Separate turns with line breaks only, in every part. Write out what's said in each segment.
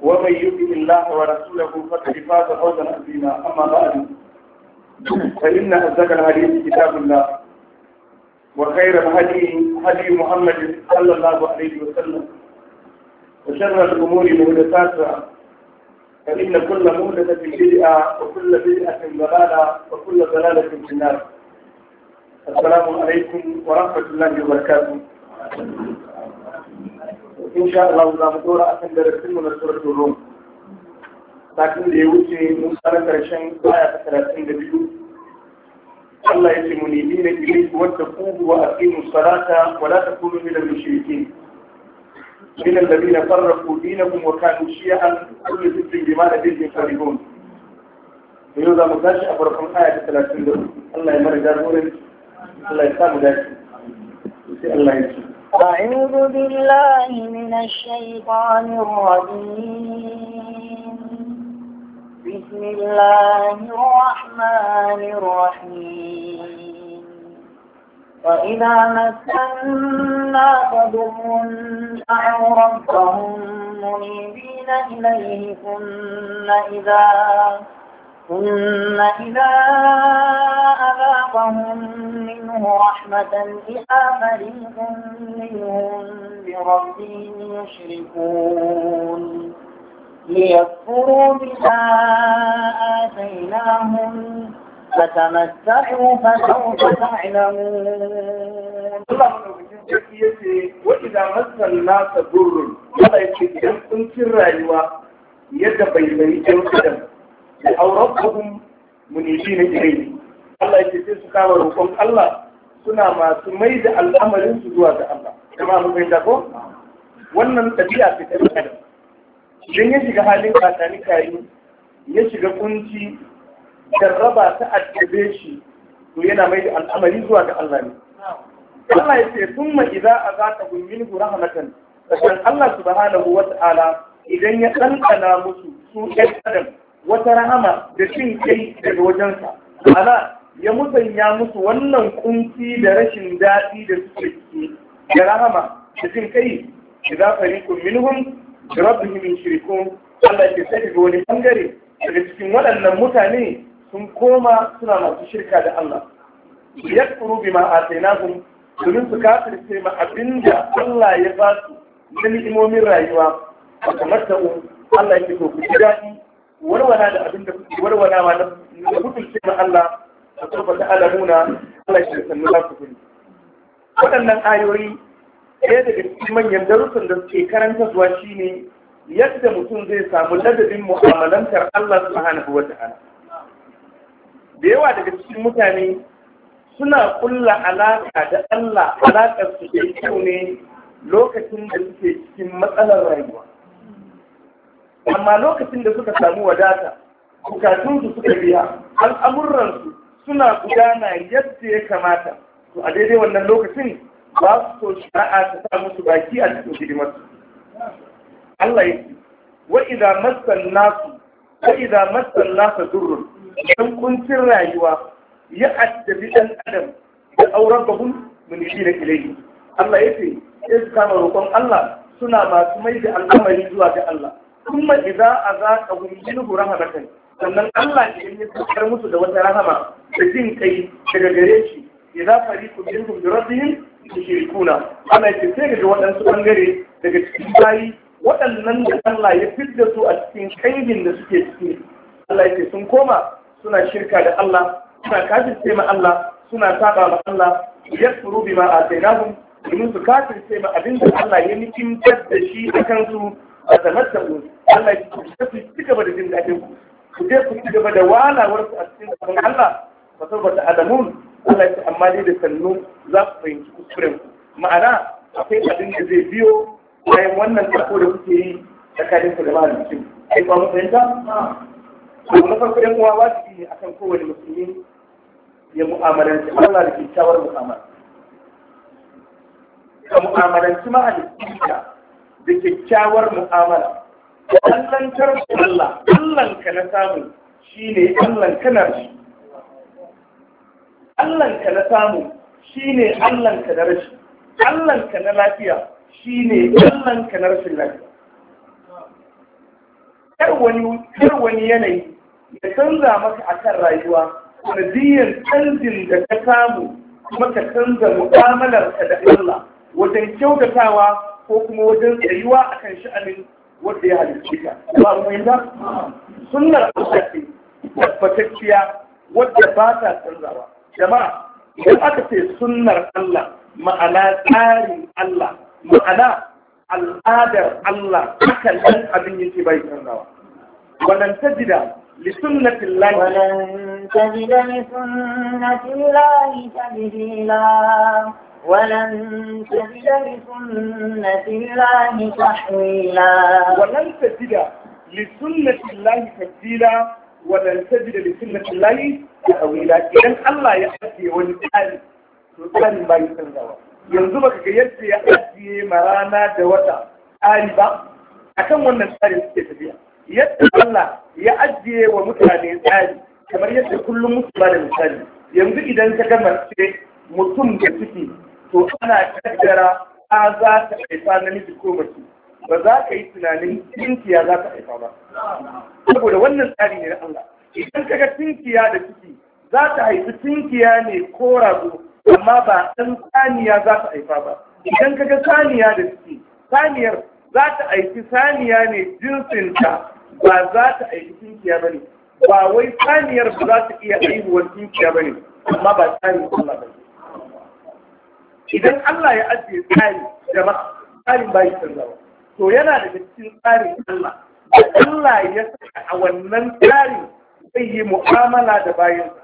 ومن يؤمن الله ورسوله فقد فاز فوزا عظيما اما بعد فان اصدق الحديث كتاب الله وخير الهدي هدي محمد صلى الله عليه وسلم وشر الامور محدثاتها فان كل محدثه بدعه وكل بدعه ضلاله وكل ضلاله في النار السلام عليكم ورحمه الله وبركاته إن شاء الله الله دورا أتم درسين من سورة الروم لكن لي موسى لترشين آية 30 دبيو الله يسمني دين إليك واتقوه وأقيموا الصلاة ولا تكونوا من المشركين من الذين فرقوا دينهم وكانوا شيعا كل ذكر بما لديهم فرقون يوزا مزاشي أبرقم آية 30 دبيو الله يمرجع دورين الله يسامو ذلك الله يسامو
أعوذ بالله من الشيطان الرجيم بسم الله الرحمن الرحيم وإذا مس الناس دعوا ربهم منيبين إليه ثم إذا ثم إذا أذاقهم منه رحمة إذا فريق منهم بربهم يشركون ليكفروا بما آتيناهم فتمتعوا فسوف تعلمون
وإذا مس الناس ضر ولا يجد أن تنكر رأيوا يد بيبي أو aw auratuhum munibina ilayhi Allah yake sai su kama roƙon Allah suna masu mai da al'amarin su zuwa ga Allah kuma mun fahimta ko wannan tafiya ce ta Allah idan ya shiga halin kasani kayi ya shiga kunci jarraba ta addabe shi to yana mai da al'amari zuwa ga Allah ne Allah ya ce thumma idza azaka minhu rahmatan sannan Allah subhanahu wa ta'ala idan ya ɗanɗana musu su ɗan adam wata rahama da cin kai daga wajensa ana ya musanya musu wannan kunci da rashin daɗi da suke ciki da rahama da cin kai za idza fariqun minhum bi rabbihim yushrikun Allah ke sai daga wani bangare daga cikin waɗannan mutane sun koma suna masu shirka da Allah yakfuru bima atainahum domin su kafirce ma abinda Allah ya ba su na ni'imomin rayuwa kamar ta'u Allah ya ke ku ji daɗi warwala da abin da kuke warwalawa da ce ma Allah da kuma ta alamuna Allah shi sannu za su kuni waɗannan ayoyi ɗaya daga cikin manyan darussan da suke karanta zuwa ne yadda mutum zai samu ladabin mu'amalantar Allah subhanahu wa ta'ala da yawa daga cikin mutane suna kulla alaƙa da Allah alaƙar su ke kyau ne lokacin da suke cikin matsalar rayuwa amma lokacin da suka samu wadata bukatunsu suka biya al'amuransu suna gudana yadda ya kamata to a daidai wannan lokacin ba su so shari'a ta sa musu baki a cikin su Allah ya ce wa idza massan nasu wa idza massan nasa durrun dan kuncin rayuwa ya addabi dan adam da auren bahun mun shi da ilai Allah ya ce in kama roƙon Allah suna masu mai da al'amari zuwa ga Allah kuma idza azaka hum minhu rahmatan sannan Allah idan ya tsakar musu da wata rahama da jin kai daga gare shi idza fariqu minhum bi rabbihim yushrikuna ana ce sai daga waɗansu bangare daga cikin bayi waɗannan da Allah ya fidda su a cikin kaidin da suke ciki Allah ya ce sun koma suna shirka da Allah suna kafirce ma Allah suna saba ma Allah yakfuru bima atainahum domin su kafirce ma abin da Allah ya nikin da shi a kansu a tanatta ku Allah ya ku ci gaba da jin daɗin ku ku je ku ci gaba da walawar ku a cikin sabon Allah ba saboda alamun Allah ya ce amma dai da sannu za ku fahimci kuskuren ku ma'ana akwai abin da zai biyo bayan wannan farko da kuke yi tsakanin ku da mahalicin ai ba mu fahimta to na farko ɗan uwa wajibi ne akan kowane musulmi ya mu'amalanci Allah da kyakkyawar mu'amala ka mu'amalanci mahalicin ka da kyakkyawar mu'amala allantar Allah allanka na samu shi ne allanka na rashi allanka na samu shi ne allanka na rashi allanka na lafiya shi ne allanka na rashin lafiya kar wani yanayi ya canza maka akan rayuwa sanadiyyar canjin da ka samu kuma ka canza mu'amalarka da Allah wajen kyautatawa ko kuma wajen tsayuwa a kan sha'anin wanda ya halicce ka ba mu yin ba sunnar ce tabbatacciya wadda ba ta canzawa jama'a idan aka ce sunnar Allah ma'ana tsarin Allah ma'ana al'adar Allah haka nan abin yake bai canzawa wannan tajida لسنة الله ولن تجد
لسنة الله تبديلا ولن تجد
لسنة الله تحويلا ولن تجد لسنة الله تبديلا ولن تجد لسنة الله تحويلا إذا الله يأتي والآن سلطان ما يسلم yanzu baka ga yadda ya ajiye ma rana da wata tsari ba akan wannan tsari suke tafiya yadda Allah ya ajiye wa mutane tsari kamar yadda kullum musu ba da misali yanzu idan ka gama ce mutum da ciki to ana kaddara a za ta haifa namiji ko mace ba za ka yi tunanin tinkiya za ta haifa ba saboda wannan tsari ne na Allah idan kaga tinkiya da ciki za ta haifi tinkiya ne ko rago amma ba ɗan saniya za ta haifa ba idan kaga saniya da ciki saniyar za ta haifi saniya ne jinsinta ba za ta haifi tinkiya ba ne ba wai saniyar ba za ta iya haihuwar tinkiya ba ne amma ba saniyar Allah ba ne idan Allah ya ajiye tsari jama'a tsarin bayi ba, to yana da cikin tsarin Allah Allah ya saka a wannan tsarin zai yi mu'amala da bayansa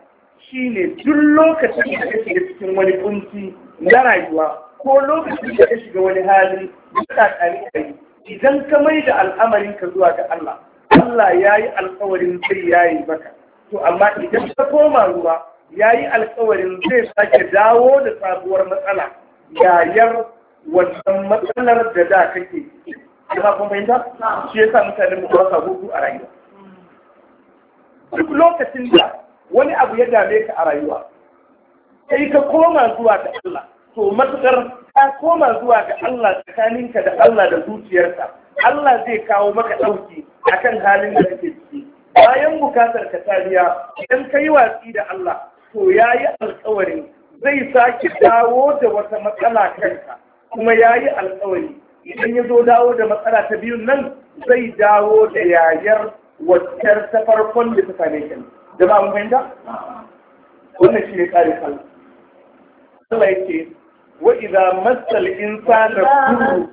shi ne duk lokacin da ya shiga cikin wani kunci na rayuwa ko lokacin da ya shiga wani hali da ƙari idan ka mai da al'amarin ka zuwa ga Allah Allah ya yi alkawarin zai yayi maka to amma idan ka koma ruwa ya yi alkawarin zai sake dawo da sabuwar matsala yayar wannan matsalar da da kake kuma kun shi sa mutane mu kwasa hutu a rayuwa duk lokacin da wani abu ya dame ka a rayuwa sai ka koma zuwa ga Allah to matukar ka koma zuwa ga Allah tsakaninka da Allah da zuciyarka Allah zai kawo maka ɗauki akan halin da kake ciki bayan bukatar ka tariya idan ka yi watsi da Allah to ya yi alkawari zai sake dawo da wata matsala kanta kuma ya yi alkawari idan ya zo dawo da matsala ta biyun nan zai dawo da yayar waccar ta farkon da ta same shi da ba mu fahimta wannan shi ne ƙarin Allah Allah وإذا مس الإنسان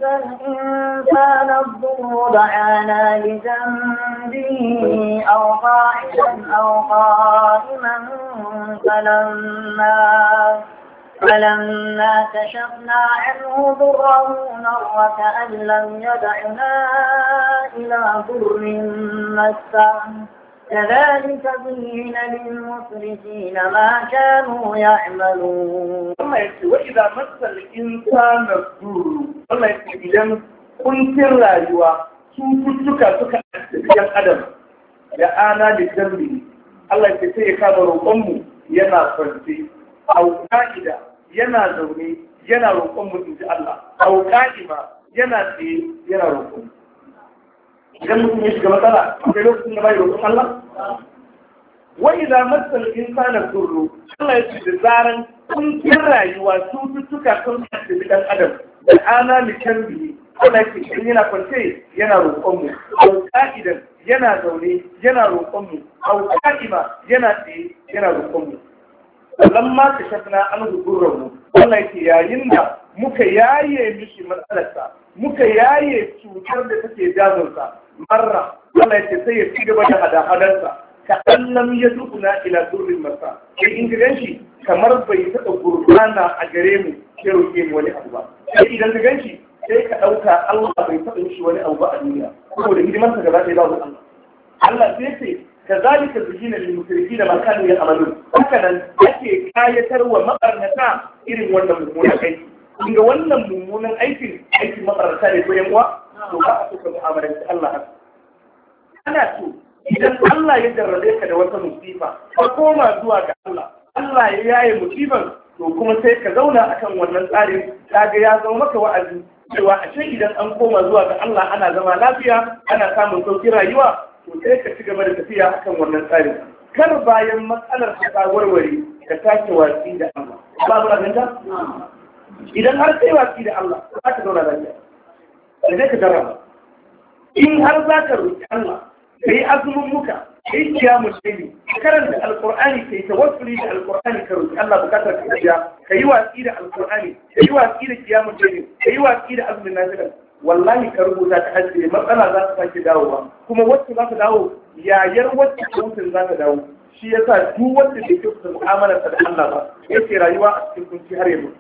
الضر دعانا لجنبه أو قاعدا أو قائما فلما فلما كشفنا عنه ضره مر كأن لم يدعنا إلى ضر مسه كذلك زين للمسرفين ما كانوا
يعملون ثم يقول وإذا مس الإنسان الضر ثم يقول إذا كنت الرايوة cututtuka suka ɗan adam Ya'ana ana da zambi Allah ke sai ya kama roƙonmu yana kwanci au ka'ida yana zaune yana roƙonmu in ji Allah au ka'ima yana tsaye yana roƙonmu idan mutum ya shiga matsala akwai lokacin da bai roƙon Allah wa idza masal insana durru Allah ya ce da zaran kun kin rayuwa cututtuka sun kasance dan adam da ana likan biyu Allah ke cikin yana kwance yana roƙonmu, au ka'idan yana zaune yana roƙonmu, au ka'ima yana tsaye yana roƙonmu. Sannan ma ka shafina an hukurar mu, Allah ke yayin da muka yaye mishi matsalarsa, muka yaye cutar da take damunsa, marra Allah ya ce sai ya ci gaba da hada-hadarsa ka allam ya dukuna ila durrin masa sai in gidan shi kamar bai taɓa gurbana a gare mu ya roƙe mu wani abu ba sai idan ka gan shi sai ka ɗauka Allah bai taɓa shi wani abu ba a duniya saboda hidimarsa gaba ɗaya babu Allah Allah sai ce ka zalika zujina lil musrifina ma kanu ya'malun haka nan ake kayatar wa mabarnata irin wannan mummunan aiki kun wannan mummunan aikin aikin mabarnata ne ko yan uwa to ba a so ka mu'amalanci Allah haka ana so idan Allah ya jarrabe ka da wata musifa ka koma zuwa ga Allah Allah ya yaye musifan to kuma sai ka zauna akan wannan tsarin kaga ya zama maka wa'azi cewa a can idan an koma zuwa ga Allah ana zama lafiya ana samun sauƙi rayuwa to sai ka ci gaba da tafiya akan wannan tsarin kar bayan matsalar ta warware ka take watsi da Allah ba mu idan har sai watsi da Allah za ka zauna lafiya da zai ka in har za ka roƙi Allah ka yi azumin muka ka yi kiyamun shaidi ka karanta alƙur'ani ka yi tawassuli da alƙur'ani ka roƙi Allah bukatar ka biya ka yi watsi da alƙur'ani ka yi watsi da kiyamun shaidi ka yi watsi da azumin nasiran wallahi ka rubuta ta ajiye matsala za ta sake ba. kuma wacce za ta dawo yayar wacce kyautun za ta dawo shi yasa duk wanda bai kyautata mu'amalarsa da Allah ba yake rayuwa a cikin kunci har yanzu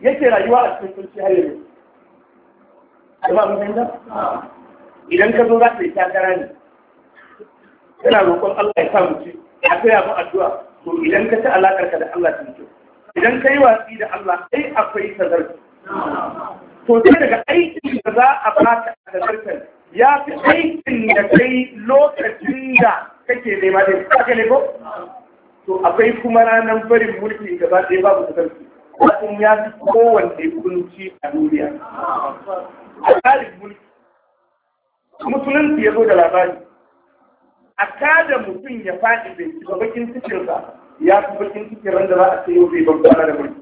yake rayuwa a cikin kunci har yanzu ba mu da idan ka zo za ka yi takara ne yana roƙon Allah ya sa mu ci a kai mu addu'a to idan ka ci alaƙar ka da Allah ta kyau idan ka yi watsi da Allah sai akwai sadarki. to sai daga aikin da za a baka a tazarcin ya fi aikin da kai lokacin da kake nema da kake ne ko to akwai kuma ranar barin mulki gaba ɗaya babu sadarki. wajen ya fi kowanne kunci a duniya a tsarin mulki musulunci ya zo da labari a kada mutum ya faɗi bai ci bakin cikinsa ya fi bakin cikin ran da za a ce yau zai babbana da mulki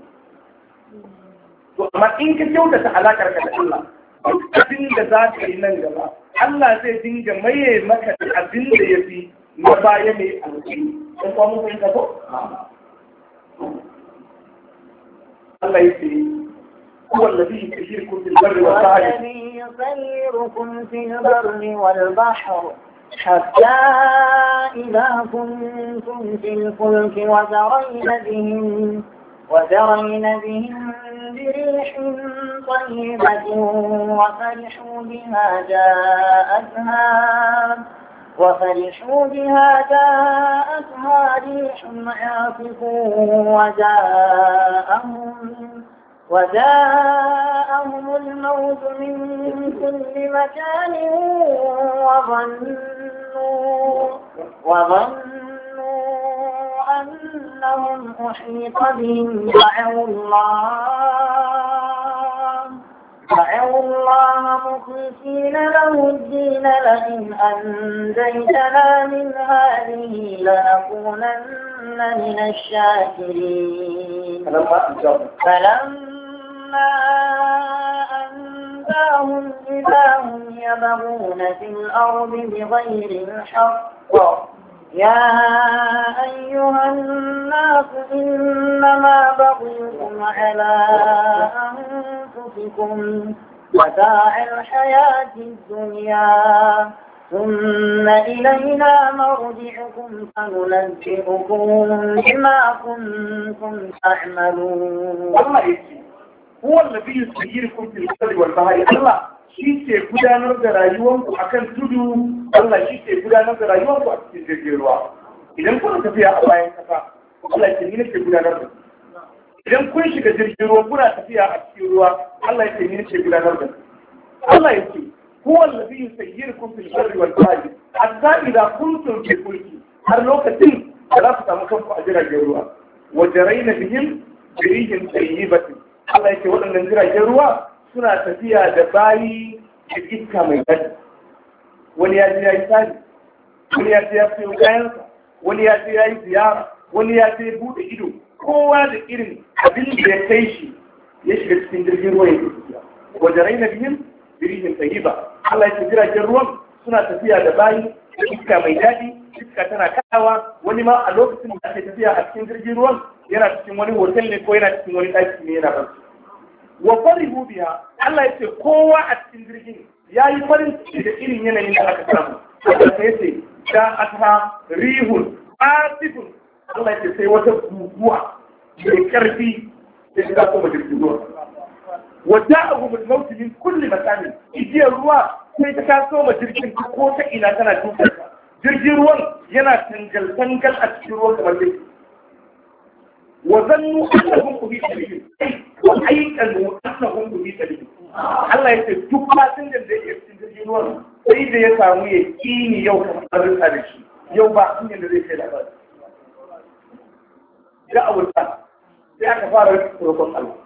to amma in ka kyautata alaƙar ka da Allah duk abin da za ka yi nan gaba Allah zai dinga maye maka da abin da ya fi na baya mai alƙi in kuma mun fahimta ko الله يسير هو الذي يسيركم في البر والبحر
الذي يسيركم في البر والبحر حتى إذا كنتم في الفلك وزرين بهم وزرين بهم بريح طيبة وفرحوا بما جاءتها وفرحوا بها جاءتها ريح عاصف وجاءهم وجاءهم الموت من كل مكان وظنوا وظنوا أنهم أحيط بهم دعوا الله دعوا الله مخلصين له الدين لئن أنجيتنا من هذه لنكونن من الشاكرين فلما أنجاهم إذا هم يبغون في الأرض بغير الحق يا أيها الناس إنما بغيكم على أنفسكم وداع الحياة الدنيا ثم إلينا مرجعكم فننبئكم
بما كنتم تعملون والله هو النبي يسيركم في البر والبحر الله shi ke gudanar da rayuwanku a kan tudu Allah shi ke gudanar da rayuwanku a cikin jirgin ruwa idan kuna tafiya a bayan kasa Allah ke ni ke gudanar da idan kun shiga jirgin ruwa kuna tafiya a cikin ruwa Allah ke ni ke gudanar da Allah ya ce huwa allazi yusayyirukum fil barri wal bahri da idza kuntum ke kulki har lokacin da za ku samu kanku a jiragen ruwa wa jaraina bihim birihin tayyibatin Allah ya ce waɗannan jiragen ruwa suna tafiya da bayi da iska mai gani wani ya je ya yi tsari wani ya je ya fi kayansa wani ya je ya yi ziyara wani ya je buɗe ido kowa da irin abin da ya kai shi ya shiga cikin jirgin ruwa ya ke tafiya wajen raina biyun birihin tsayiba Allah ya ce jiragen ruwan suna tafiya da bayi da iska mai daɗi iska tana kawa wani ma a lokacin da ake tafiya a cikin jirgin ruwan yana cikin wani hotel ne ko yana cikin wani ɗaki ne yana barci wa farihu biya Allah ya ce kowa a cikin jirgin ya yi farin ciki da irin yanayin da aka samu Allah ya ce da aka rihun asifun Allah ya ce sai wata guguwa mai karfi da shiga koma jirgin ruwa wa ja'ahu bil mawt min kulli makanin igiyar ruwa sai ta taso ma jirgin ko ta ina tana dukan jirgin ruwan yana tangal tangal a cikin ruwan kamar dai Wazannu kuri وظنوا أنهم أبي سبيل وأيقنوا أنهم أبي سبيل Allah ya ce duk matan da zai iya cikin jirgin sai da ya samu ya ƙi ni yau kamar rinsa da shi yau ba sun da zai kai labari. Da abulta sai aka fara roƙon Allah.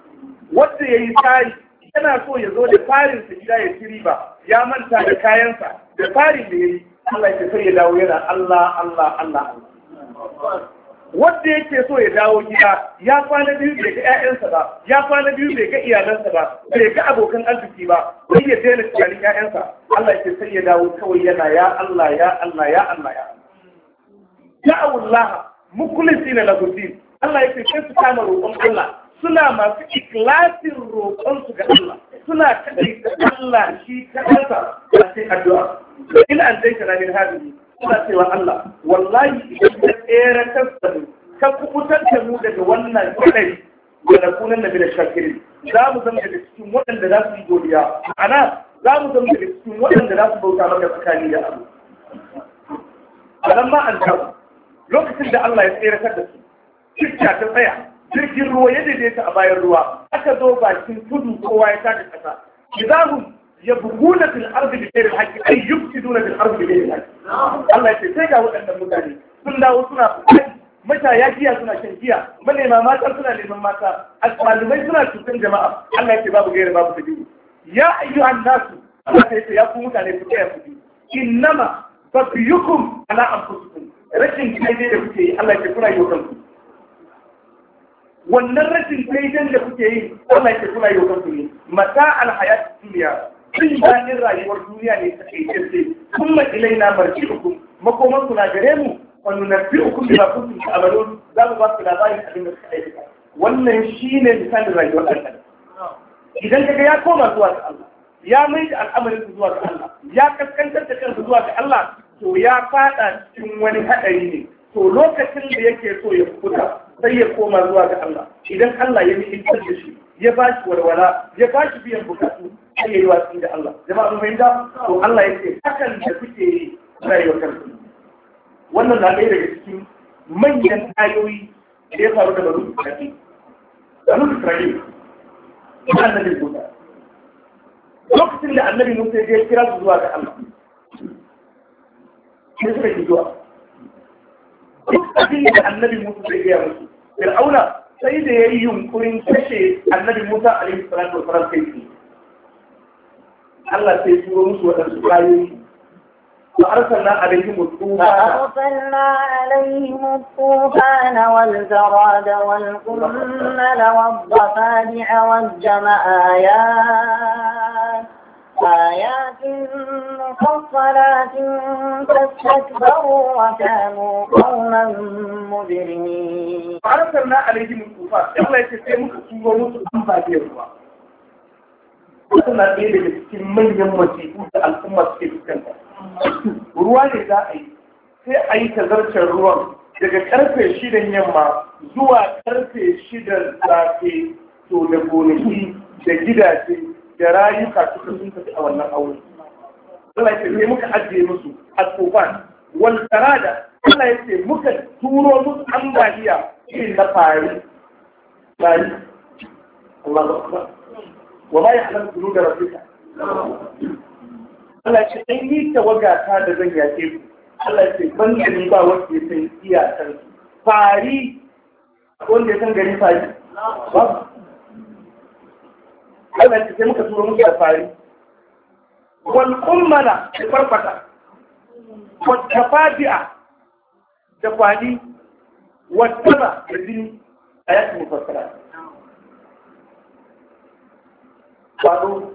Wadda ya yi tsari yana so ya zo da farin su gida ya ci riba ya manta da kayansa da farin da ya yi Allah ya ce sai ya dawo yana Allah Allah Allah
Allah.
wanda yake so ya dawo gida ya kwana biyu bai ga ƴaƴansa ba ya kwana biyu bai ga iyalansa ba bai ga abokan arziki ba sai ya daina tunanin 'ya'yansa. Allah yake sai ya dawo kawai yana ya Allah ya Allah ya Allah ya ya Allah ya lahu Allah yake sai su kama roƙon Allah suna masu ikilasin roƙon su ga Allah suna kaɗai da Allah shi kadansa ba sai addu'a ina an na min hadisi suna cewa Allah wallahi idan ka tsere ta mu ka kubutar da mu daga wannan kadari wa nakunan nabi da shakirin za mu zama daga cikin waɗanda za su yi godiya ma'ana za mu zama daga cikin waɗanda za su bauta maka tsakani da abu alamma an tabu lokacin da Allah ya tsere da su shirka ta tsaya jirgin ruwa ya daidaita a bayan ruwa aka zo bakin tudu kowa ya tada kasa kizahum yabghuna fil ardi bi ghairi al-haqq ay yufsiduna fil ardi bi ghairi al-haqq Allah ya sai ga waɗannan mutane sun dawo suna ya giya suna shan giya manema mata suna neman mata al'alumai suna cutar jama'a Allah ya ce babu gaira babu tabiru ya ayyuhan nasu Allah ya ce ya ku mutane ku kai ku bi innama babiyukum ala anfusikum rashin daidai da kuke yi Allah ya ce kuna yi kanku wannan rashin daidai da kuke yi Allah ya kula kuna yi kanku ne mata al hayat dunya tun daɗin rayuwar duniya ne ta ce kirce kun ilai na marci uku makoman ku na gare mu wani na fi uku da kun su amalon za mu ba su labarin abin da suka aikata wannan shi ne misalin rayuwar ɗan idan kaga ya koma zuwa ga Allah ya mai da al'amarin zuwa ga Allah ya kaskantar da kansa zuwa ga Allah to ya fada cikin wani haɗari ne to lokacin da yake so ya fita sai ya koma zuwa ga Allah idan Allah ya miki tsarki shi ya ba shi warwala ya ba shi biyan bukatu sai ya yi watsi da Allah jama'a mun fahimta to Allah ya ce hakan da kuke yi rayuwar kanku wannan na ɗaya daga cikin manyan ayoyi da ya faru da banu Isra'il banu Isra'il ba annabi Musa lokacin da annabi Musa ya kira su zuwa ga Allah sai suka yi zuwa duk abin da annabi Musa ya gaya musu فرعون سيد يوم كورين كشي النبي موسى عليه الصلاة والسلام كيفي الله سيدي ومسوة سبحانه فأرسلنا عليهم الطوفان
فأرسلنا عليهم والضفادع والجمآيات آيات مفصلات فاستكبروا وكانوا قوما
مجرمين فأرسلنا عليهم الطوفان الله suna ɗaya daga cikin manyan masifu da al'umma suke ruwa ne za a yi sai a yi tazarcen ruwan daga karfe shidan yamma zuwa karfe shidan safe to da gonaki da gidaje da rayuka suka sun tafi a wannan aure Allah ya ce muka ajiye musu a tsofan? wal tarada Allah ya ce muka turo musu ambaliya irin na fari fari Allahu akbar wa ma ya'lamu da rafika. Allah ya ce dan yi tawaga ta da zan yake ku Allah ya ce ban da ni ba wanda ya san iyakar fari wanda ya san gari fari babu Allah ya sai muka turo musu da fari wal kummala da farfata wal tafadi'a da kwali wal da jini a yaki mufassara kwado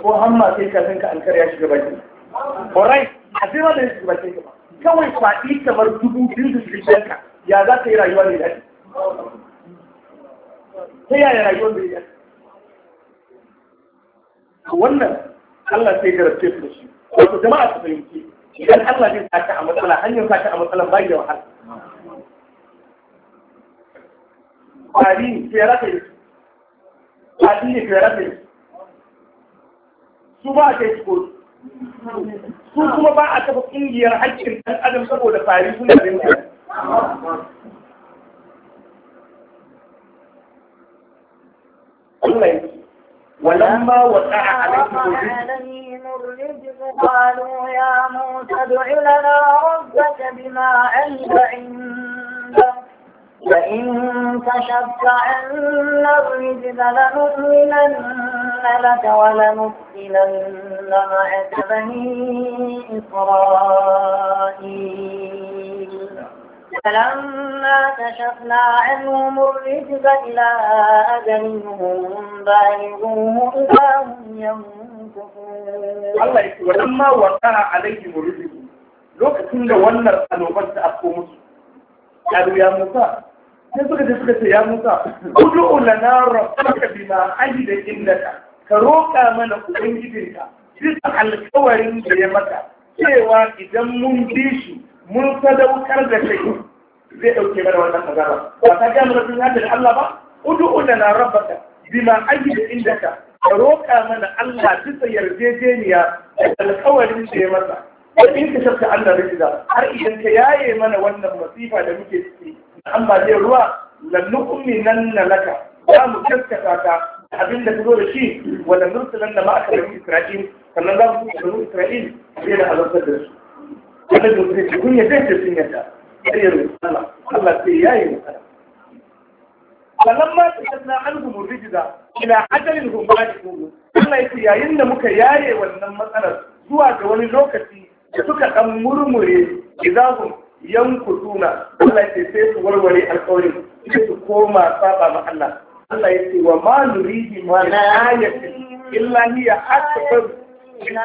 ko hamma sai ka ka an karya shi gaban Kwarai, a sai ma da ba gaban ka kawai kwadi kamar dubu biyu da ya za ka yi rayuwa da ya Ta yaya rayuwar da ya dace? wannan Allah sai garabce su shi wato jama'a su fahimci idan Allah zai saka a matsala hanyar saka a matsalan ba da wahala kwari ne ke rafe yi kwari ne su ba a kai su kotu su kuma ba a taɓa ƙungiyar haƙƙin ɗan adam saboda kwari suna da mutane Allah ya ولما وقع عليهم
الرجز قالوا يا موسى ادع لنا ربك بما عند عندك فإن كشفت عنا الرجز لنؤمنن لك ولنرسلن معك بني إسرائيل فلما كشفنا عنهم الرجز إلى أجلهم بالغوه إذا هم ينكثون الله يقول ولما
وقع lokacin da wannan annobar ta afko musu yaro ya musa sai suka je suka ce ya musa udu lana rabbaka bima da innaka ka roƙa mana ubangijinka bisa alkawarin da ya maka cewa idan mun bi shi mun sadaukar da kai zai ɗauke mana wannan azaba ba ta ga mun sun hada da Allah ba udu lana rabbaka bima ayyuka inda ka roƙa mana Allah bisa yarjejeniya da alƙawarin da ya masa Wani in ka shakka Allah rikida har idan ka yaye mana wannan masifa da muke ciki na ambaliyar ruwa lannukummi nan na laka za mu kaskata ka abin da ka zo da shi wanda murtalan da ma'aka da Isra'il sannan za mu kuka da Isra'il zai da halartar da su. Wanda da kuma kun yadda da sun yadda. Sai ya roƙi Allah, Allah sai yi masa. فلما كتبنا عنهم الرجز الى اجل هم بالغوه Allah yake yayin da muka yare wannan matsalar zuwa ga wani lokaci da suka dan murmure idahum yankutuna Allah yake sai su warware alƙawarin sai su koma saba ma Allah Allah yake wa ma nurihi ma ayatin illa hiya akbar min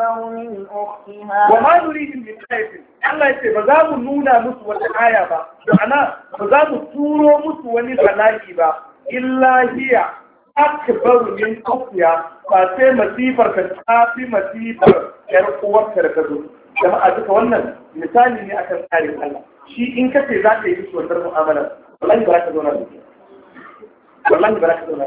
أكبر من أختها وما
نريد من آية الله يقول بزام نونا مسوى الآية با معنى بزام سورو مسوى لبلائي با إلا هي أكبر من أختها فاتي مسيفر كتابي مسيفر يرقوة كركزو كما أدوك ونن مثالي ني أكبر آية الله شيء إنك تزاك يسوى الدرم أمنا والله براك دونا والله براك دونا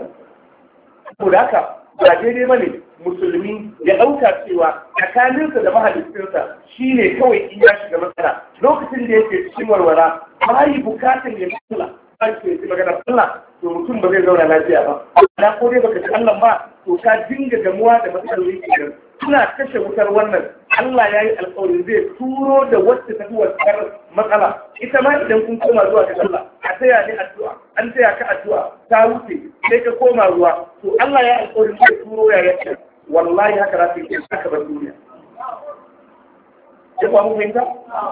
ولكن ba daidai ba ne musulmi ya ɗauka cewa tsakaninsa da mahalicinsa shi ne kawai in ya shiga matsala lokacin da yake cikin warwara ba yi bukatar ya matsala ba shi ke magana Allah to mutum ba zai zauna lafiya ba na ko dai baka ci Allah ba to ka dinga gamuwa da matsalolin kenan suna kashe wutar wannan Allah ya yi alƙawarin zai turo da wacce ta fi matsala ita ma idan kun koma zuwa ga Allah a taya ni addu'a an taya ka addu'a ta wuce sai ka koma ruwa to Allah ya yi alƙawarin zai turo ya yace wallahi haka za su yi haka bar duniya ya kwa fahimta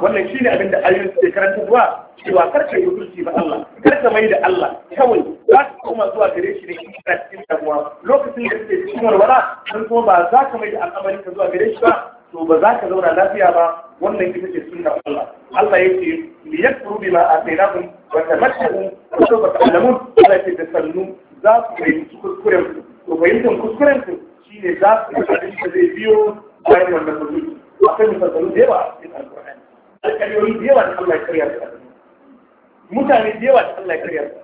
wannan shi ne abin da ayoyin suke karanta zuwa cewa karka yi hukunci ba Allah karka mai da Allah kawai za ka koma zuwa gare shi ne cikin damuwa lokacin da suke cikin walwala sun kuma ba za ka mai da al'amarin ka zuwa gare shi ba to ba za ka zauna lafiya ba wannan ita ce sunna Allah Allah yake li yakfuru bima atainakum wa tamattu wa sawfa ta'lamun Allah yake da sannu za su fahimci kuskuren ku. to fahimtar kuskuren ku shine za su yi abin da zai biyo bayan wannan mutum akwai misalsalu da yawa a cikin alƙur'ani alƙaliyoyi da yawa da Allah ya karya su mutane da yawa da Allah ya karya su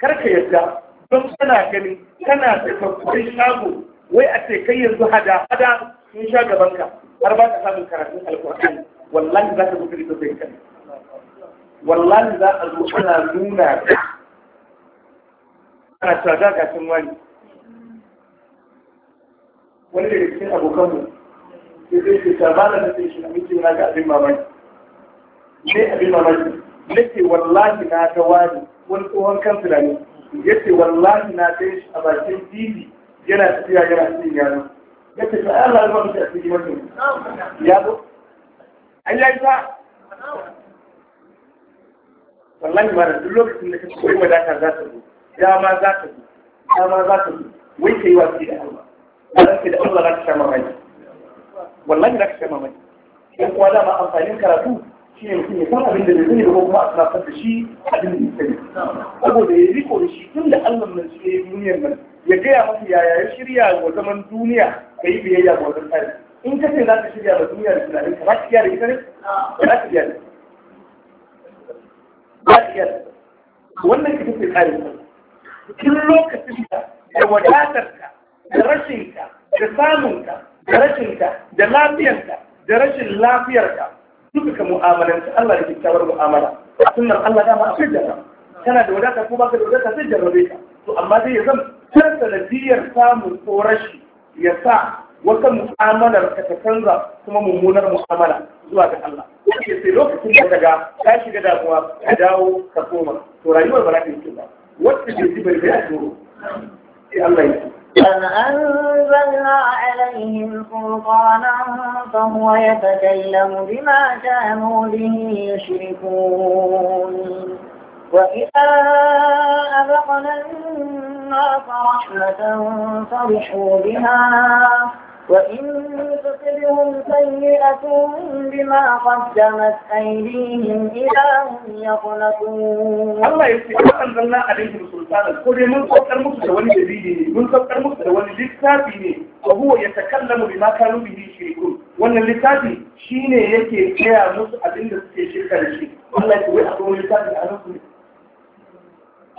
kar ka yarda don kana gani kana da babban shago wai a ce kai yanzu hada hada sun sha gabanka har ba ka samun karatun alkur'ani wallahi za ka zo kiri sosai kai wallahi za a zo ana nuna ka ana tsada ga sun wani wani da cikin abokanmu sai zai ce ta ba na sai shi abinci na ga abin mamaki ne abin mamaki nake wallahi na ga wani wani tsohon kansila ne yace wallahi na ga shi a bakin TV yana tafiya yana cikin yaro قلت له الله ما بدي في وجهي يا ابو الا انت والله ما رد لك انك تقول ولا ذاته يا ما ذاته يا ما ذاته وين كي واسي ده الله ولكن ده الله لك شمامي والله لك شمامي in kuwa dama amfanin karatu shi ne mutum ya san abin da bai sani ba kuma a tunatar da shi abin da bai sani saboda ya riko da shi tun da Allah nan shi ya yi duniyar nan ya gaya masa yaya ya shirya wa zaman duniya ka yi biyayya ga wannan tsari in ka ce za ka shirya ba duniya da tunanin ka za ka iya da ita ne ba za ka iya da ba ka iya da wannan ka tafi tsari tun lokacin da da wadatarka da rashinka da samunka da rashinka da lafiyarka da rashin lafiyarka duka ka mu'amalanci Allah da kyakkyawar mu'amala A sunan Allah dama a akwai jarraba kana da wadata ko baka da wadata zai jarrabe ka to amma zai zan kar sanadiyar samun ko rashi ya sa wata mu'amalar ta ta canza kuma mummunar mu'amala zuwa ga Allah Wace sai lokacin da daga ta shiga damuwa ta dawo ka koma to rayuwar ba za ta yi ba wacce bai ji bai bai tsoro sai Allah ya
أم أنزلنا عليهم سلطانا فهو يتكلم بما كانوا به يشركون وإذا أبقنا الناس رحمة فرحوا بها وإن تصبهم سيئة بما قدمت أيديهم إذا هم يقنطون الله
يسير أنزلنا عليه سلطانا كل من سكر مستوى دليل من سكر مستوى للتابين وهو يتكلم بما كانوا به يشركون وأن التابي شيني يكي كيا مس أبين الشركة لشيء الله يسير أقول التابي أنا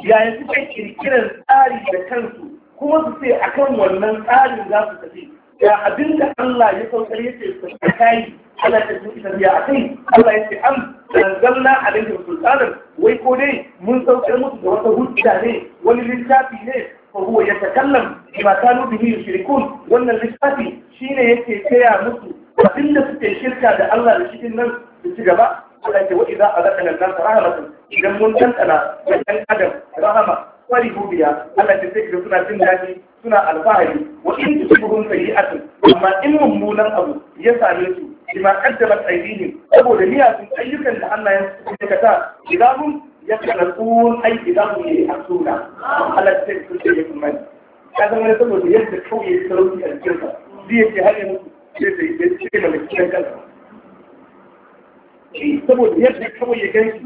yaya suke kirkirar tsari da kansu kuma su ce akan wannan tsarin za su tafi ya abin da Allah ya saukar ya ce su kai Allah ta tafi tafiya a Allah ya ce an zanzanna a dangin sultanin wai ko dai mun saukar musu da wata hujja ne wani littafi ne fa huwa yatakallam bima kanu bihi yushrikun wannan littafi shine yake taya musu abin suke shirka da Allah da shi nan su ci gaba Allah ya ce wa idza azaqna an-nasa rahmatan idan mun tantana da ɗan adam rahama farihu biya Allah ta sai suna jin daɗi suna alfahari wa in tusibuhum sayyi'atun amma in mummunan abu ya same su bima qaddamat aydihim saboda miyasun ayyukan da Allah ya aikata idan kana kun ai idan yi asuna Allah ta sai su ce mai ka zama ne saboda yadda kauye sarauci a cikin sa zai yake hanyar mutu sai sai sai mai cikin kansa saboda yadda kauye ganki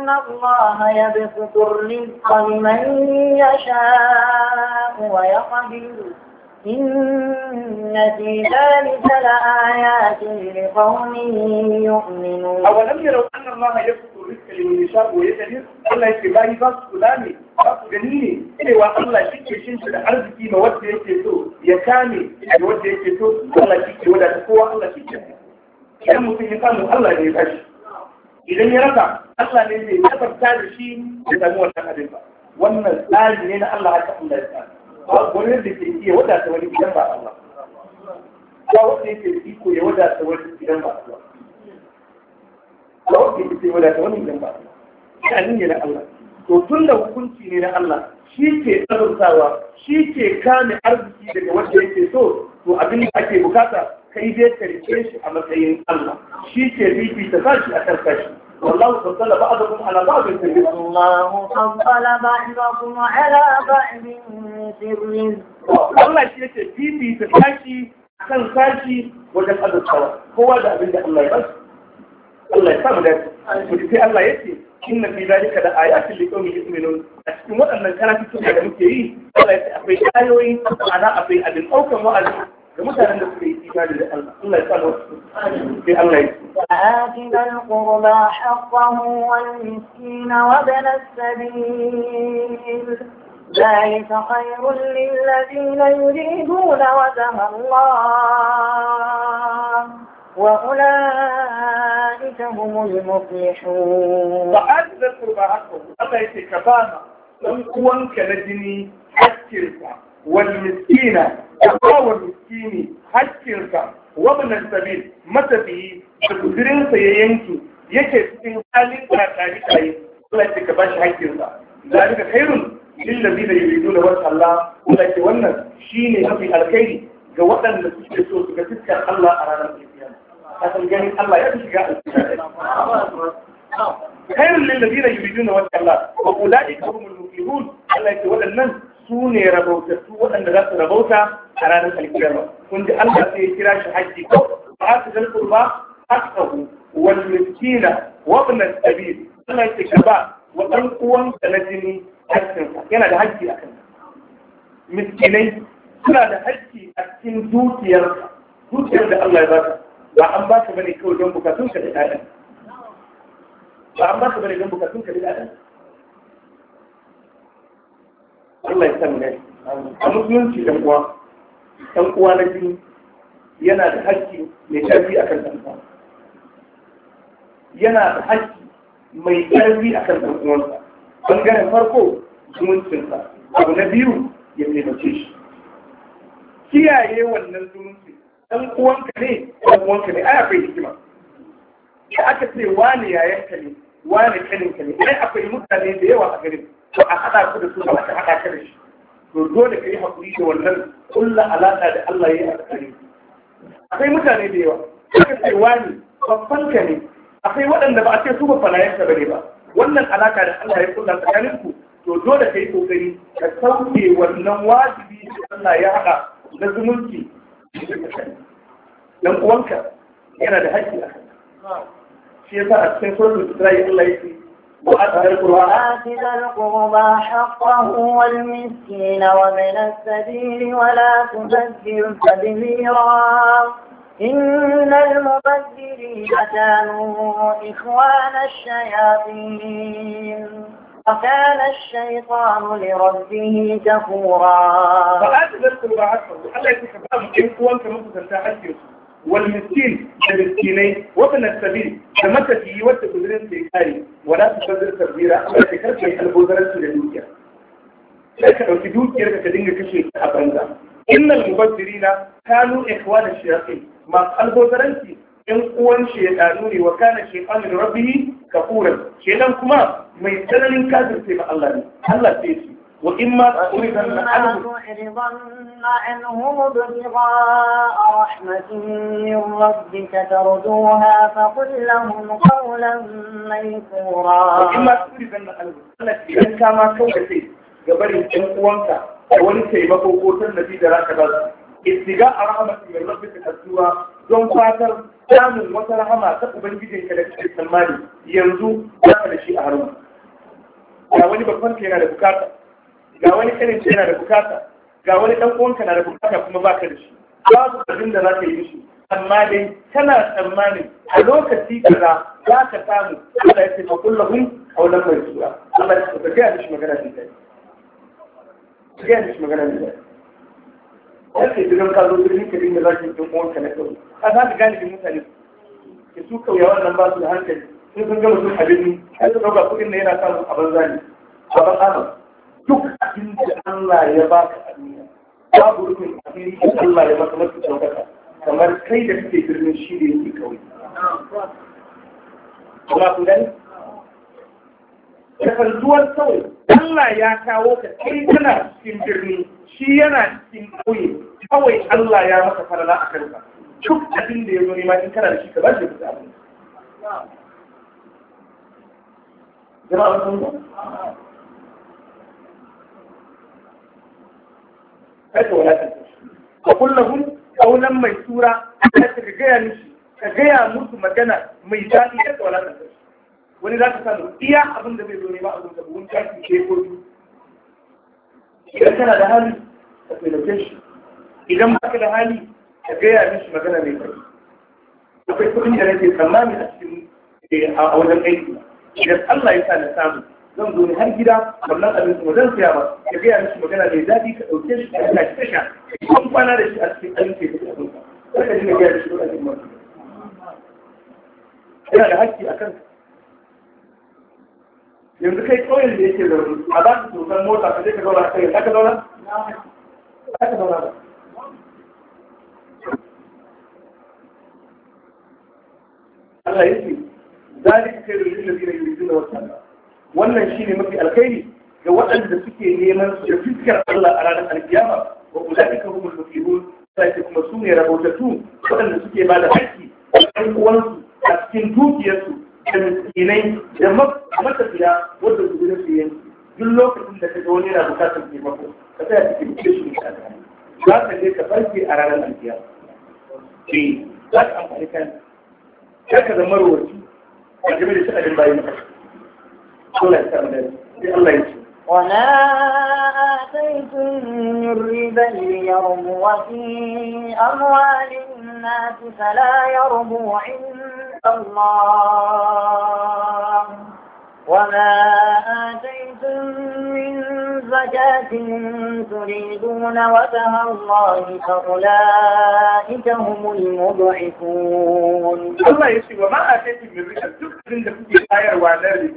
الله يبسط الرزق لمن يشاء ويقدر إن في ذلك لآيات لقوم يؤمنون أولم يروا
أن الله يبسط الرزق لمن يشاء ويقدر الله يتباهي باس كلامي باس جنيني إلي وأن الله شكي شنش الأرزقي مودة يكتو يكامي مودة يكتو الله شكي ولا تقوى الله شكي إذا مسلم الله يباشر idan ya rasa Allah ne zai tabbata da shi ya sami wannan abin ba wannan tsari ne na Allah haka Allah ya tsara ba wani da ke iya wadata wani idan ba Allah ba wanda yake iko ya wadata wani idan ba Allah ba wanda yake wadata wani idan ba Allah sha'ani ne na Allah to tun da hukunci ne na Allah shi ke tsarutawa shi ke kame arziki daga wanda yake so to abin da ake bukata kai zai a matsayin Allah shi ke bibi ta sa a karkashi wallahu tabbala ba'dakum ala ba'dakum sallallahu
tabbala ba'dakum ala
ba'dakum sirrin Allah shi ke bibi ta sa shi a kan sashi wajen azurtawa kowa da abin Allah ya sa mu dace ku ji Allah ya ce inna fi zalika da ayatin li qaumin a cikin waɗannan karatu da muke yi Allah ya ce akwai ayoyi ma'ana akwai abin ɗaukan wa'azi da
القربى حقه والمسكين وابن السبيل ذلك خير للذين يريدون وجه الله وأولئك هم
المفلحون وآتِ القربى حقه الله يتكفانا لم كونك لجني حكرك wal miskina ka bawa miskini hakkinsa wa ibn sabil matafiyi da guzurinsa ya yanki yake cikin halin tsari tsari Allah ya ka bashi hakkinsa zalika khairun lil ladina yuriduna wajh Allah Allah ya wannan shine mafi alkhairi ga waɗanda suke so su ga fiskar Allah a ranar kiyama kasan ganin Allah ya Allah ulaika humul muflihun Allah su ne rabautattu waɗanda za su rabauta a ranar alkiyama kun ji Allah sai kira shi haji ko ba su dal kurba haqqahu wal miskina wa ibn sabil Allah ya ce ba wa dan uwan na jini hakkin yana da haji a kan miskinai suna da haji a cikin dukiyar dukiyar da Allah ya ba ka ba an ba ka bane kawai don bukatun ka da ɗaɗan ba an ba ka bane don bukatun ka da ɗaɗan Allah ya san ne a musulunci ɗan uwa ɗan uwa na biyu yana da haƙƙi mai ƙarfi akan ɗan uwa yana da haƙƙi mai ƙarfi akan ɗan uwansa bangaren farko zumuncinsa abu na biyu ya taimake shi kiyaye wannan zumunci ɗan uwanka ne ɗan uwanka ne ai akwai hikima da aka ce wani yayanka ne wani kaninka ne ai akwai mutane da yawa a garin to a haɗa ku da su ba ta haɗa ka da shi to dole ka yi haƙuri da wannan kulla alaƙa da Allah ya yi a tsakani akwai mutane da yawa suka ce wani babban ka ne akwai waɗanda ba a ce su ba falayenka ba ne ba wannan alaƙa da Allah ya kulla tsakanin ku to dole ka yi ƙoƙari ka sauke wannan wajibi da Allah ya haɗa na zumunci dan uwanka yana da haƙƙi a kan shi yasa a cikin suratul Isra'i Allah ya ce وآتِ
ذا القربى حقه والمسكين ومن السبيل ولا تبذر تبذيرا إن المبذرين كانوا إخوان الشياطين وكان الشيطان لربه
كفورا. فآتي ذا القربى حقه الله يتحبها حقه كنت أنت ممكن والمسكين المسكيني وابن السبيل لما تفيه والتبذرين سيكاري ولا تبذر تبذيرا ولا تكرشي البذرات لدوكيا لا تكرشي دوكيا كدنجا كشي أبنزا إن المبذرين كانوا إخوان الشياطين ما البذرين in uwan shedanu ne wa kana shaytanu li rabbih kafuran shedan kuma mai tsananin kafirce ba Allah ne Allah sai shi وإما تعرضن
عنهم ابتغاء رحمة من ربك ترجوها فقل لهم قولا ميسورا وإما
تعرضن عنهم لأن كما كوكتي gabarin ɗan uwanka da wani taimako ko tallafi da zaka ba su istiga a rahmatin min rabbika tasura don fatar samun wata rahama ta ubangijinka da kake tsammani yanzu zaka da shi a haruma da wani babban kai yana da bukata ga wani irin ce yana da bukata ga wani dan uwanka na da bukata kuma ba ka da shi babu abin da za ka yi mishi amma dai kana tsammanin a lokaci kaza za ka samu Allah ya ce fa kullahum qawlan maysura Allah ya ce ga mishi magana da kai ga mishi magana da kai Wace idan ka zo birnin ka dinga za ka yi dan uwanka na kawai a za ka gane mutane ke su kauyawan nan ba su da hankali sun sun gama sun abin ne ai su ɗauka kuɗin na yana samu a banza ne a ban duk abinda Allah ya baka a duniya babu rufin asiri da Allah ya baka mafi ɗaukaka kamar kai da kake birnin shi da yake kawai. Kuma kun gani? Tafarzuwar kawai Allah ya kawo ka kai tana cikin birni shi yana cikin ƙauye kawai Allah ya maka farala a kanka. Duk abinda ya zo nema in kana da shi ka ba shi da abin. Jama'a sun kada wala ta ka kullahum kaunan mai tura ka gaya mishi ka gaya musu magana mai daɗi kada wala ta wani za ka samu iya abin da zai zo ne ba abin da buhun tashi ke ko idan kana da hali ka kai taimake shi idan ba ka da hali ka gaya mishi magana mai kai akwai kuɗin da nake tsammani a cikin eh, a wajen aiki idan Allah ya sa na samu zan zo ne har gida wannan abin kuma zan saya ba ka gaya mishi magana mai daɗi ka ɗauke shi ka tashi tasha kan kwana da shi a cikin abinci ka tafi ka ka dinga gaya mishi lokacin mutum yana da haƙƙi a kanka yanzu kai ƙauyen da yake zaune a za ka tsokan mota ka je ka zauna kai za ka zauna za ka zauna ba Allah yake ذلك خير للذين يريدون وجه الله wannan shi ne mafi alkhairi ga waɗanda suke neman su da fiskar Allah a ranar alkiyama wa ulaika humul muflihun sai kuma su ne rabautattu waɗanda suke ba da haƙƙi ɗan uwansu a cikin dukiyarsu da miskinai da matafiya wanda su gudu su yanki duk lokacin da ka ga wani yana bukatar taimako ka tsaya cikin kishin ka za ka je ka farke a ranar alkiyama eh, za ka amfani kan ka zama rawaci a game da sha'anin bayan makashi
وما آتيتم من ربا ليربو في أموال الناس فلا يربو عند الله وما آتيتم من زكاة تريدون وجه الله فأولئك هم المضعفون
الله يسوى ما آتيتم من رشد تكتر عندك في خير وذلك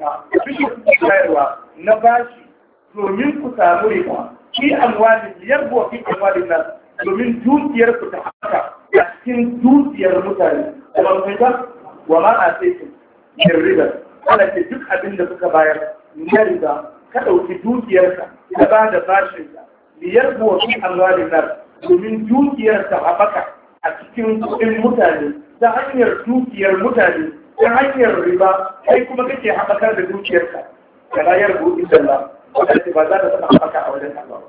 بشكل في خير ونباشي لو من كتابه في أموال يربو في أموال الناس لو من دون يربو تحقق لكن دون يربو تحقق وما آتيتم من رشد Allah ce duk abin da suka bayar na riba ka ɗauki dukiyarka ka ba da bashinka liyar buwa fi amwalin nan domin dukiyarka a baka a cikin kuɗin mutane ta hanyar dukiyar mutane ta hanyar riba kai kuma kake haɓakar da dukiyarka ka layar bu inda Allah wadda ba za ta taɓa haɓaka a wajen Allah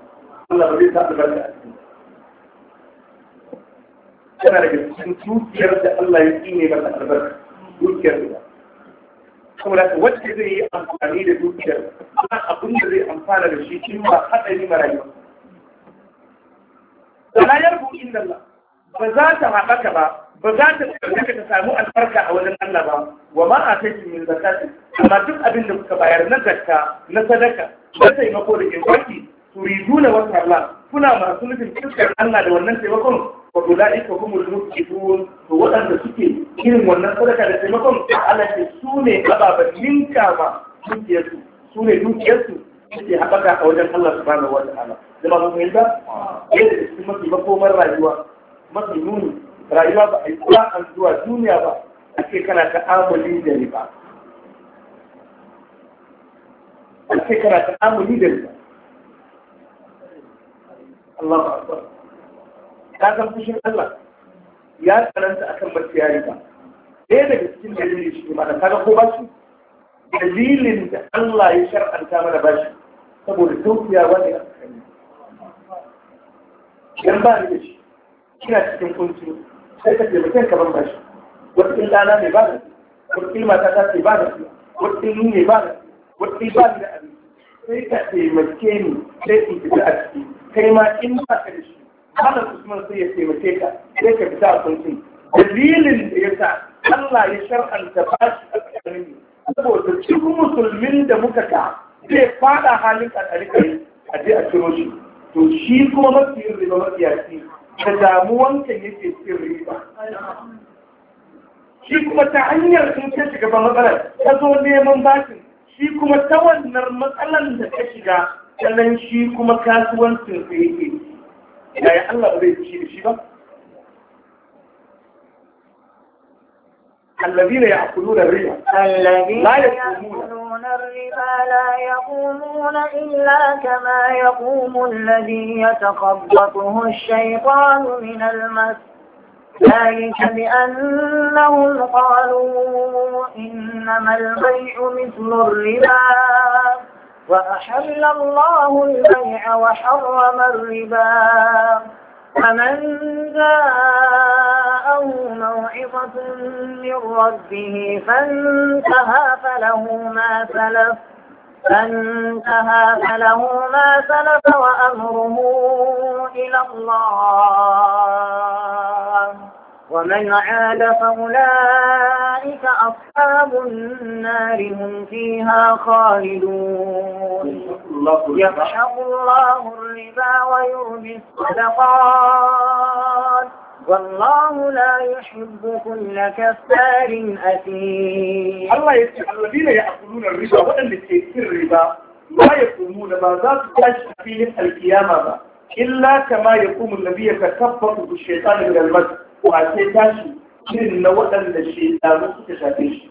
Allah ba zai sa albarka a cikin yana daga cikin dukiyar da Allah ya tsine masa albarka dukiyar riba saboda wacce zai yi amfani da dukiyar ba abin da zai amfana da shi in ba haɗari ma rayuwa la yarbu inda Allah ba za ta haɓaka ba ba za ta tsarkaka ta samu albarka a wajen Allah ba wa ma a kai min amma duk abin da kuka bayar na zakka na sadaka na taimako da infaki turiduna wata Allah kuna masu nufin cikin Allah da wannan taimakon wa kuma humul muflihun to waɗanda suke irin wannan sadaka da taimakon Allah ce su ne ababen ninka ma dukiyarsu su ne dukiyarsu suke haɓaka a wajen Allah subhanahu wa ta'ala ba mun fahimta ɗaya da cikin mafi makomar rayuwa mafi nuni rayuwa ba a yi kula an zuwa duniya ba ake kana amuli da riba ake kana amuli da riba Allahu akbar ka san fushin Allah ya karanta akan ya yi ba ɗaya daga cikin dalilin shi ma da kaga ko ba shi dalilin da Allah ya shar'anta mana ba shi saboda dukiya ba ne a tsakani Yan ba ni da shi kina cikin kunci sai ka taimake ka ban ba shi wata in ɗana ne ba da wata in mata ta ce ba da shi wata in ne ba da wata in ba da abin sai ka taimake ni sai in fita a ciki kai ma in ba ka da shi Allah Usman sai ya taimake ka sai ka fita a kuncin dalilin da ya sa Allah ya shar'anta ba shi a karni saboda cikin musulmin da muka ka zai fada halin kakari kai a je a ciro shi to shi kuma mafi yin riba mafi yaki da damuwankan yake cikin riba shi kuma ta hanyar sun ce shiga ba matsalar ta zo neman bakin. shi kuma ta wannan matsalar da ta shiga sannan shi kuma kasuwancin sa yake yaya Allah ba zai ci shi ba الذين يأكلون الربا الذين يأكلون
الربا لا يقومون إلا كما يقوم الذي يتخبطه الشيطان من المس ذلك بأنهم قالوا إنما البيع مثل الربا وأحل الله البيع وحرم الربا فمن جاءه موعظة من ربه فانتهى فله ما سلف فانتهى فله ما سلف وأمره إلى الله
ومن عاد
فأولئك أصحاب النار هم فيها خالدون
يفحق
الله الربا ويربي الصدقات والله
لا يحب كل كفار أثيم الله يسمع الذين يأكلون الربا وأن يسير الربا ما يقومون ما ذات تشفي القيامة إلا كما يقوم الذي يتكفف الشيطان من المسجد kwace tashi irin na waɗanda shi ɗazu suka shafe shi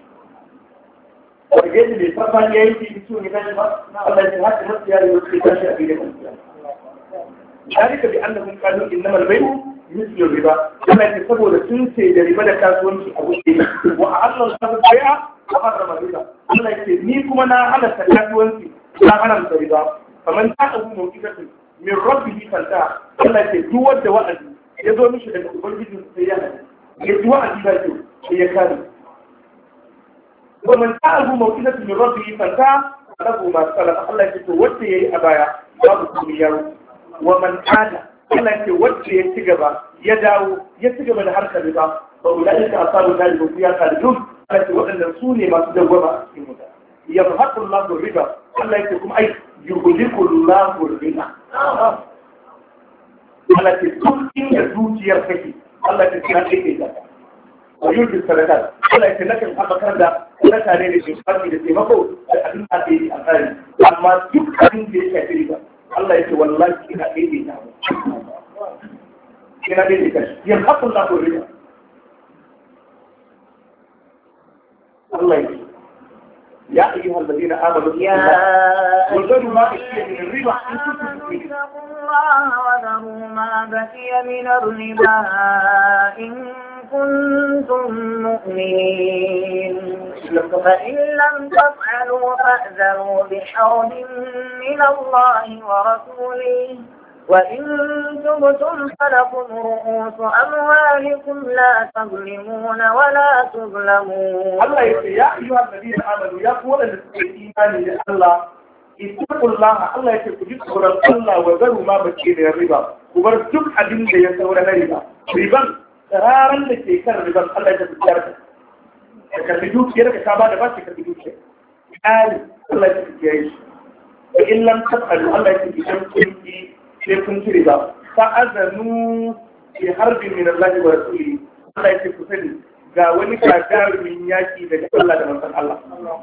warge da bai farfa ya yi cikin su ne tashi ba Allah ya haka masu yare wasu ke tashi a gidan kwanciya ذلك بأنهم قالوا إنما البيع مثل الربا كما يكسبوا لسنسي لربا لكاسون في أبو وأعلى الله البيع وحرم الربا كما يكسبنيكم أنا على سكاسون في لا حرم الربا فمن تأخذ موجودة من ربه فلتاه كما يكسبوا الدواء يدوى مش يقول بيجو السيانة يدوى عجباته هي كارم ومن تعرف موتنة من ربه فتاة عرفه ما سألت الله يتوتي أبايا بابك مياه ومن آنا الله يتوتي يتقبى يدعو يتقبى لحركة بضاء وأولئك أصاب ذلك فيها خارجون التي وأن رسولي ما تدوبها في مدى يضحق الله الربا الله يتكم أي يهلك الله الربا Allah ke duk inda zuciyar kake Allah ke kira kai kai wa yudin sadaka Allah ke nakan haɓakar da sadaka ne da shimfafi da taimako da abin da ke yi a tsari amma duk abin da ya shafi riba Allah ya ce wallahi ina kai kai ta ina kai shi. ya haƙun na ko riba Allah ya ce يا أيها الذين آمنوا يا وذروا ما بقي اتقوا
الله وذروا ما بقي من الربا إن كنتم مؤمنين فإن لم تفعلوا فأذروا بحرب من الله ورسوله وإن تبتم فلكم رؤوس أموالكم لا تظلمون ولا تظلمون الله يقول يا أيها
الذين آمنوا يا قول الإيمان لله اتقوا الله الله يقول جدكم الله وذروا ما بكي من الربا وبر دك أبين da ya saura na riba riban tsararan da ke kan riban Allah ya tafi Da ka karbi dukiyar ka ba da baki ka karbi dukiyar Allah ya tafi shi wa illam tafalu Allah ya tafi sai kun kiri ba fa azanu bi harbi min Allah wa rasuli Allah yake ku sani ga wani gagarumin yaki daga Allah da manzon Allah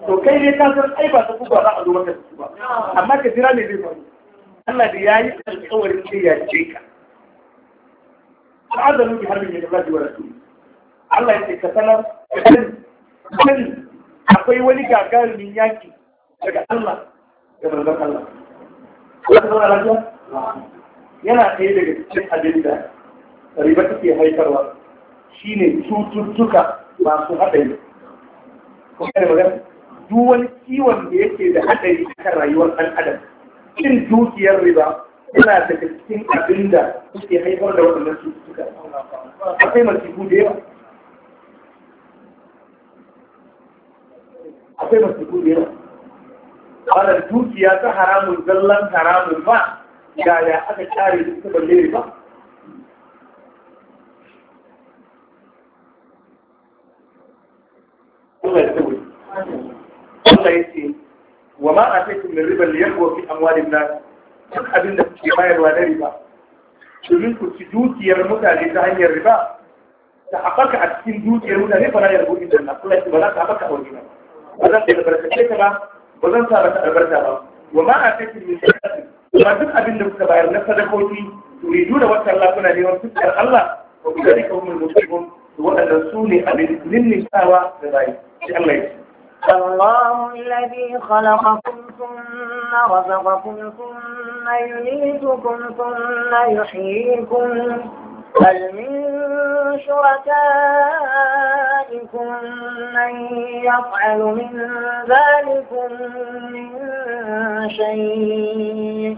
to kai ne ka san ai ba ta kuka za a zo maka su ba amma ka jira me zai faru Allah da yayi alƙawarin ya yace ka fa azanu bi harbi min Allah wa rasuli Allah yake ka sanar ka sani akwai wani gagarumin yaki daga Allah da manzon Allah Allah ta lafiya yana ɗaya daga cikin abin da riba take haifarwa shine cututtuka masu haɗari duk wani ciwon da yake da haɗari kan rayuwar ɗan adam cin dukiyar riba yana daga cikin abin da suke haifar da waɗannan cututtuka akwai masifu da yawa akwai masifu da yawa da dukiya ta haramun zallan haramun ba yaya aka kare su ta balle ba Allah ya tsawo Allah ya ce wa ma ataikum min riba liyaqwa fi amwalin nas duk abin da kuke bayarwa na riba domin ku ci dukiyar mutane ta hanyar riba ta haɓaka a cikin dukiyar mutane ba na yarbu inda na kula ba za ta haɓaka a wajena ba zan da albarkace ka ba ba zan sa maka albarka ba wa ma ataikum min riba ba duk abin da kuka bayar na sadakoki turidu da wata Allah kuna neman fuskar Allah ko kuka rika mun musulmun waɗanda su ne abin ninnintawa da bayi shi Allah ya
الله الذي خلقكم ثم رزقكم ثم يميتكم ثم يحييكم بل من شركائكم من يفعل من ذلكم من شيء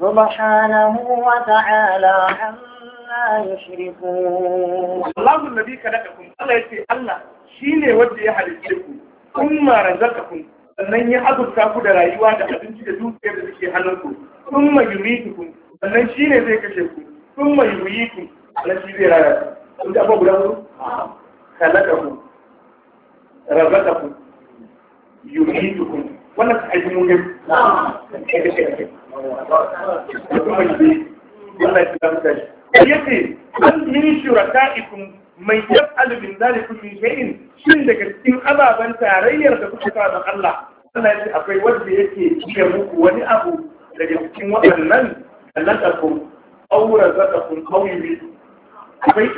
سبحانه
وتعالى عما يشركون الله الذي خلقكم الله يسي الله شيني wanda ya halitte ثم رزقكم sannan ya azurta ku da rayuwa da abinci da dukiyar da suke hannunku kuma yuridukum sannan shi ne zai kashe ku kuma yuridukum alashi zai raya sun ji abubuwa guda hudu kalakaku razakaku wannan ka aiki mun gani wannan an min shuraka'ikum mai yaf'alu min zalika min shay'in shin daga cikin ababen tarayyar da kuke fara Allah Allah ya ce akwai wanda yake ce muku wani abu daga cikin waɗannan kallakakum aw razaqakum aw yumitukum akwai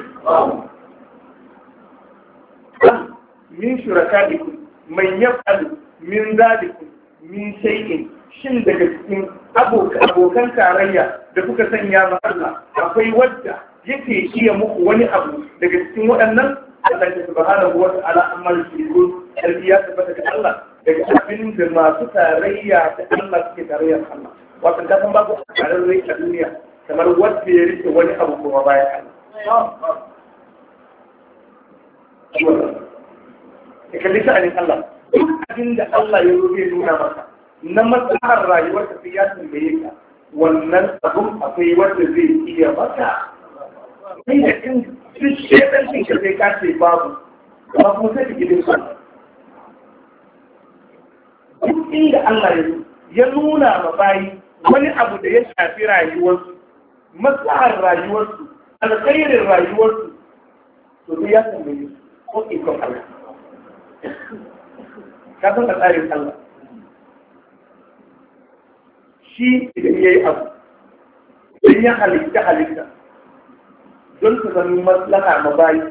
min shurakaikum man yaf'alu min zalikum min shay'in shin daga cikin abokan tarayya da kuka sanya ma Allah akwai wadda yake iya muku wani abu daga cikin waɗannan Allah ya subhanahu wa ta'ala amma yushrikun sarki ya tabbata ga Allah daga abin da masu tarayya da Allah suke tarayya Allah wato da san babu tarayya a duniya kamar wadda ya rike wani abu kuma baya ka kalli sha'anin Allah duk abin da Allah ya rufe nuna maka na maslahar rayuwar ka sai ya tambaye ka wannan abun akwai wanda zai iya maka sai da in duk shekan shi ka sai ka ce babu ba kuma sai ka gidan su duk inda Allah ya ya nuna ma bayi wani abu da ya shafi rayuwarsu maslahar rayuwarsu alkhairin rayuwarsu to duk ya tambaye ko ikon Allah ka san tsarin Allah shi idan ya yi abu idan ya halitta halitta don ta zama maslaha mabayi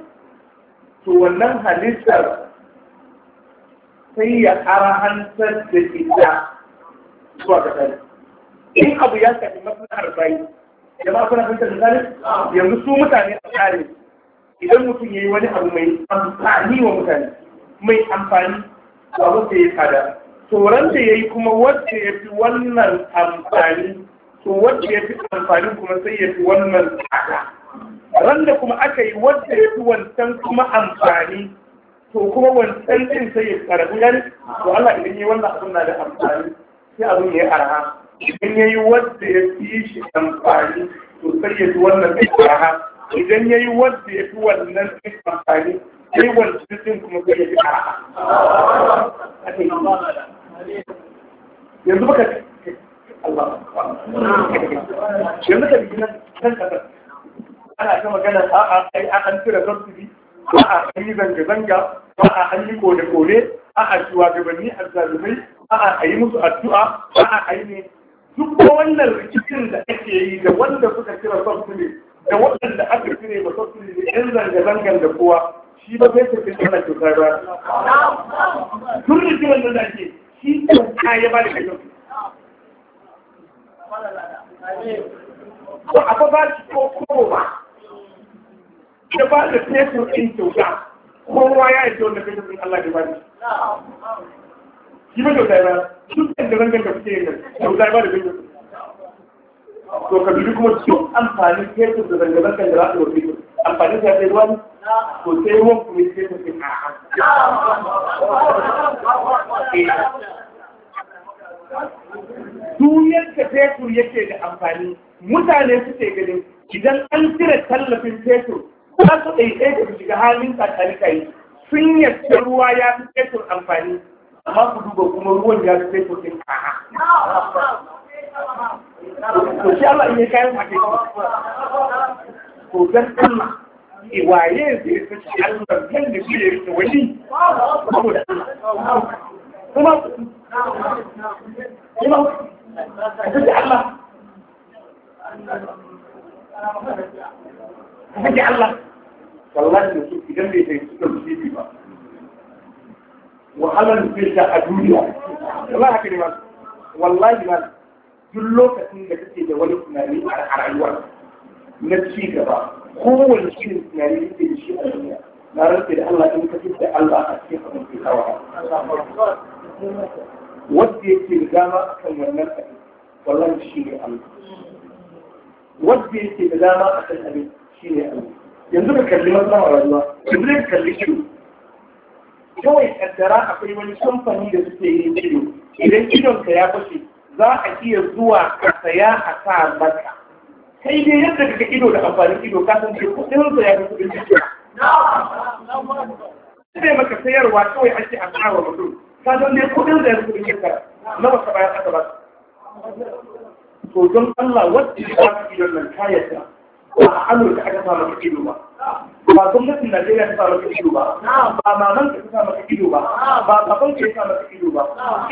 to wannan halittar sai ya arahantar da ita zuwa ga in abu ya sami maslahar bayi jama'a kuna fahimtar misalin yanzu su mutane a tsare idan mutum ya yi wani abu mai amfani wa mutane mai amfani ba wanda ya tsada To ranta ya yi kuma wacce ya fi wannan amfani to wacce ya fi amfani kuma sai ya fi wannan tsada ran kuma aka yi wacce ya fi wancan kuma amfani to kuma wancan ɗin sai ya fi tsada to Allah idan ya yi wannan abu na da amfani sai abun ya yi arha idan ya yi wadda ya fi shi amfani to sai ya fi wannan ɗin idan ya yi wadda ya fi wannan ɗin amfani sai wancan fi kuma sai ya fi araha yanzu baka yanzu ka bi nan kan kasar ana ta magana a'a ai an tura subsidy a'a an yi zanga-zanga a'a an yi kone kore a'a shugabanni azzalumai a'a a yi musu addu'a a'a a yi ne duk wannan rikicin da ake yi da wanda suka kira subsidy da waɗanda aka kire ba subsidy da yan zanga zangar da kowa shi ba zai tafi wannan kyauta ba tun rikimin da ake shi kyauta ya ba da yau. ko a ba shi ko kowa ba ya ba da fetur ɗin kyauta kowa ya yi kyau da fetur ɗin Allah ya ba
shi
shi to ka kuma duk amfanin fetur da zanga da za su wasu amfanin sa sai ruwan to sai ruwan kuma sai ta fi duniyar ka fetur yake da amfani mutane suke ganin idan an cire tallafin fetur za su ɗaiɗaita su shiga halin tsakanin kai sun yadda ruwa ya fi fetur amfani amma ku duba kuma ruwan ya fi fetur ɗin kaha
to shi Allah in ya
kayan mace to dan Allah ya fi Allah nan da shi ya rike wani Allah kuma kuma ku ji
Allah ku ji
Allah wallahi su idan bai sai su ba wahalar zai sha a duniya wallahi haka ne masu wallahi masu duk lokacin da kake da wani tunani a rayuwar na ci gaba kowane irin tunani kake da shi a duniya na rantsa da Allah in ka da Allah a cikin abin da ka wara wanda yake da dama akan wannan abin wallahi shi ne Allah wanda yake da dama akan abin shi ne Allah yanzu ka kalli matsalar rayuwa yanzu ka kalli shi kawai kaddara akwai wani kamfani da suke yin ido idan idonka ya fashe za a iya zuwa ka saya a sa maka kai dai yadda kake ido da amfanin ido ka san dai kudin sa ya fi kudin jiya sai maka sayarwa kawai ake a sa wa mutum ka san dai kudin sa ya fi kudin jiya na wata bayan aka ba to don Allah wacce ya ba su idon nan kayata ba a amurka aka sa maka ido ba ba gwamnatin Najeriya ta samu ido ba, ba maman ka ta samu ido ba, ba baban ka sa samu ido ba,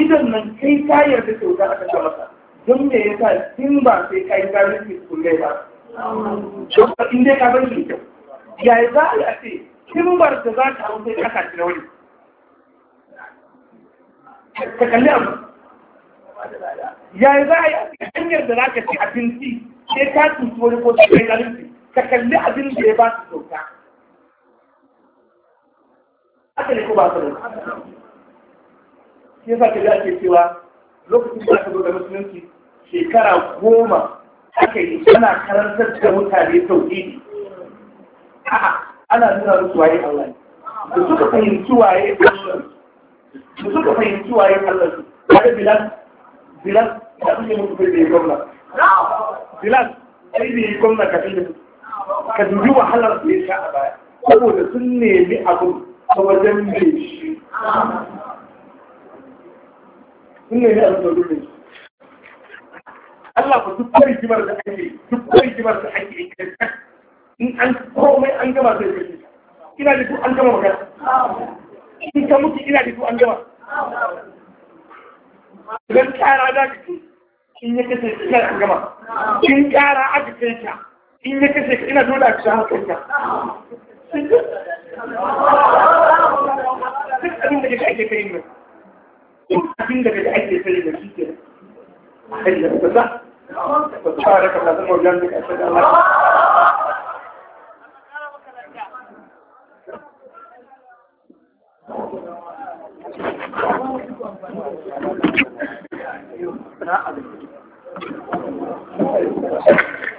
idan nan kai ka yarda kyauta aka ta masa, don me yasa sa in ba sai ka yi gari ke kulle ba. In dai ka bar shi kyau, yaya za a ce kimbar da za ta hau sai aka ci na wani. Ka kalli abu. Yaya za a yi hanyar da za ka ci abinci sai ka cuci wani ko sai ka yi ka kalli abin da ya ba su kyauta. haka ko ba haka ne shi yasa ka ake cewa lokacin da aka zo da musulunci shekara goma aka yi ana karantar da mutane tauhidi a'a ana nuna musu waye Allah da suka fahimci waye Allah da suka fahimci waye Allah waye Bilal Bilal da suke mutu bai bai gwamna Bilal sai bai gwamna ka fi ka dubi wahalar da ya sha a baya saboda sun nemi abun a wajen mai shi ina yi alfaru ne Allah ba duk kwari kimar da ake duk kwari kimar da ake in an komai an gama sai kai ina da duk an gama magana in ka mutu ina da duk an gama idan kara za ka in ya kashe ina an gama in kara aka kai ka in ya kashe ina dole a kashe hakan duk abin da kake ake kai mai duk abin da kake ake kai mai shi ke a kai da kusa ba su fara ka sasa mawuyan da kashe da mara
Thank you.